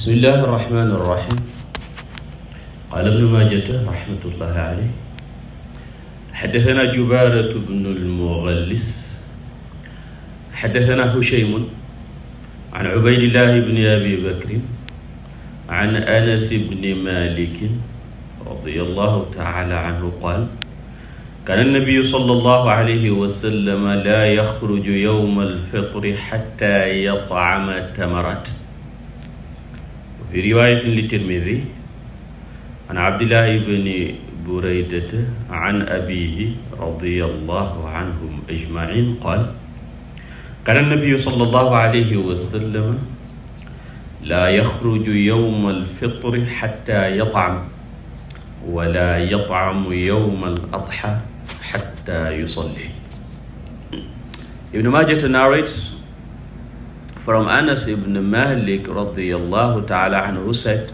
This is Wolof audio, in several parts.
bismillahi irrahmani irrahim qaala bnu maajata rahmatullahi aleyh xaddasanaa jubaaratu bnu lmugallis xaddasanaa hushaymun an ubaydillahi bni abi bakrin an anas bni malikin radiyallahu taala anhu qaal kaana nabiyu sallallahu alayhi wa sallam laa yaxruju yowma alfitri xatta yatcama tamarat في رواية للترمذي عن عبد الله بن بريدة عن أبيه رضي الله عنهم أجمعين قال كان النبي صلى الله عليه وسلم لا يخرج يوم الفطر حتى يطعم ولا يطعم يوم الأضحى حتى يصلي Ibn Majah narrates From Anas ibn Malik radiallahu ta'ala anhu said,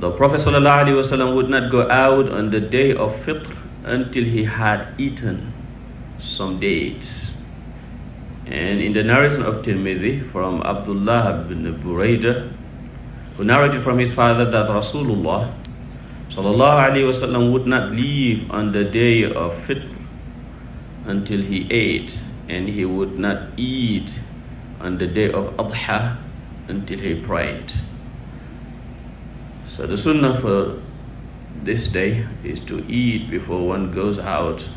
The Prophet ﷺ would not go out on the day of Fitr until he had eaten some dates. And in the narration of Tirmidhi from Abdullah ibn Buraida, who narrated from his father that Rasulullah وسلم, would not leave on the day of Fitr until he ate, and he would not eat on the day of Adha until he prayed. So the sunnah for this day is to eat before one goes out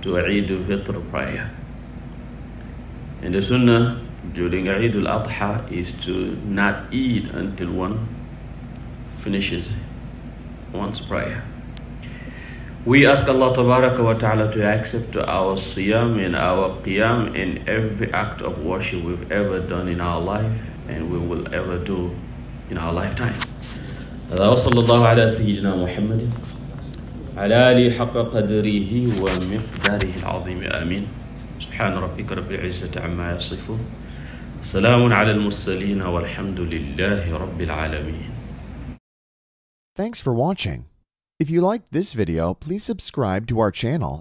to Eid al-Fitr prayer. And the sunnah during Eid al-Adha is to not eat until one finishes one's prayer. We ask Allah Tabaraka wa Ta'ala to accept our siyam and our qiyam and every act of worship we've ever done in our life and we will ever do in our lifetime. وصلى الله على سيدنا محمد وعلى آله حق قدره ومقداره العظيم آمين سبحان ربك رب العزة عما يصفون وسلام على المرسلين والحمد لله رب العالمين. Thanks for watching. If you liked this video, please subscribe to our channel